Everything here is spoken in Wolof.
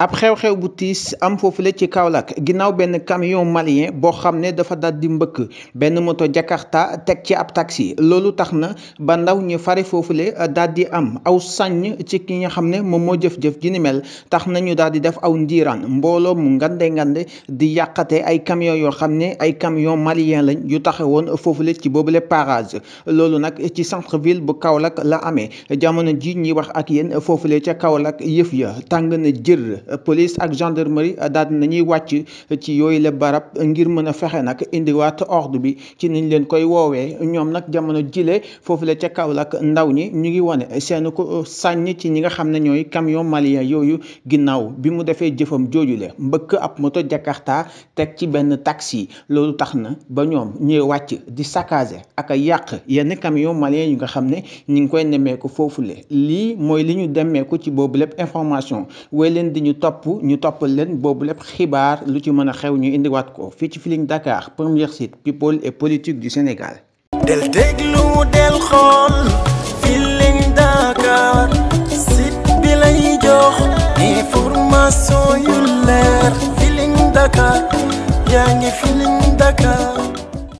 ab xew-xew bu tiis am foofule ci Kaolack ginnaaw benn camion malien boo xam ne dafa dal di mbëkk benn moto Jakarta teg ci ab taxi loolu tax na ba ndaw ñi fare foofule euh, daal di am aw sàññ ci ki nga xam ne moom moo jëf-jëf ji ni mel tax nañu daal di def aw ndiiraan mbooloo mu ngande ngande di yàqate ay camion yoo xam ne ay camion malien lañ yu taxawoon foofule ci boobule parage loolu nag ci centre ville bu Kaolack la amee jamono ji ñuy wax ak yéen foofule ca Kaolack yëf ya tàng na jër police ak gendarmerie daal di nañuy wàcc ci yooyu la barab ngir mën a fexe nag indiwaat ordu bi ci niñ leen koy woowee ñoom nag jamono jile foofu le ca kaw Kaolack ndaw ñi ñu ngi wane seen ko sàññ ci ñi nga xam ne ñooy camion malien yooyu ginnaaw bi mu defee jëfam jooju le mbëkk ab moto Jakarta teg ci benn taxi loolu tax na ba ñoom ñuy wàcc di saccagé ak a yàq yenn camion malien yi nga xam ne ñu ngi koy nemmeeku foofule lii mooy li ñu demeeku ci boobu lépp information topp ñu toppal leen boobu lépp xibaar lu ci mën a xew ñu indiwaat ko fii ci Feeling Dakar premier site people et politique du Sénégal. del déglu del xool Feeling Dakar site bi lay jox information yu leer Feeling Dakar yaa ngi Feeling Dakar.